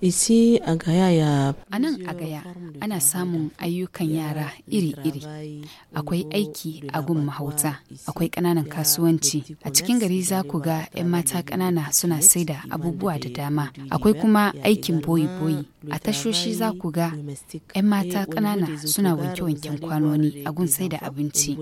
Isi agaya ya... A nan a ana samun ayyukan yara iri-iri. Akwai aiki a gun mahauta, akwai kananan kasuwanci. A cikin gari za ku ga 'yan mata kanana suna saida abubuwa da dama. Akwai kuma aikin boyi-boyi. a tashoshi za ku ga 'yan mata eh, ƙanana suna wanke-wanken kwanoni a gunsai da abinci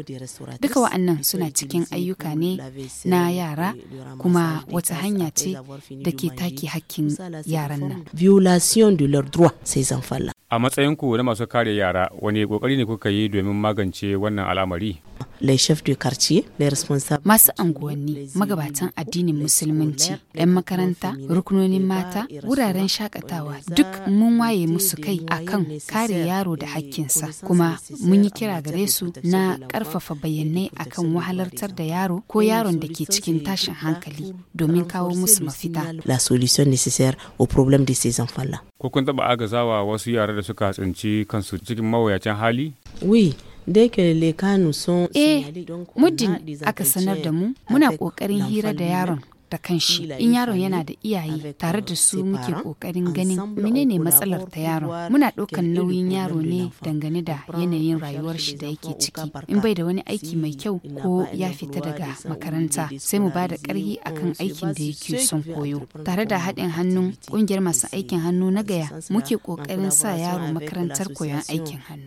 duka wa'annan suna cikin ayyuka ne na yara kuma wata hanya ce da ke take hakkin yaran nan violation de leur droit ces enfants a matsayinku na masu kare yara wani kokari ne kuka yi domin magance wannan al'amari les chefs du quartier, les responsables. Masu anguwanni, magabatan addinin musulunci, 'yan makaranta, rukunonin mata, wuraren shakatawa duk mun waye musu kai akan kare yaro da hakkinsa kuma mun yi kira gare su na karfafa bayanai akan wahalartar da yaro ko yaron da ke cikin tashin hankali domin kawo musu mafita. La solution nécessaire au problème de ces enfants-là. Ko kun taɓa agazawa wasu yara da suka tsinci kansu cikin mawuyacin hali? Oui, Eh, muddin aka sanar da mu muna ƙoƙarin hira da yaron da shi in yaron yana da iyaye tare da su muke kokarin ganin menene matsalar ta yaron muna ɗaukan nauyin yaro ne dangane da yanayin rayuwar shi da yake ciki in bai da wani aiki mai kyau ko ya fita daga makaranta sai mu ba da ƙarfi akan aikin da yake son koyo tare da haɗin hannu ƙungiyar masu aikin hannu na gaya muke ƙoƙarin sa yaro makarantar koyon aikin hannu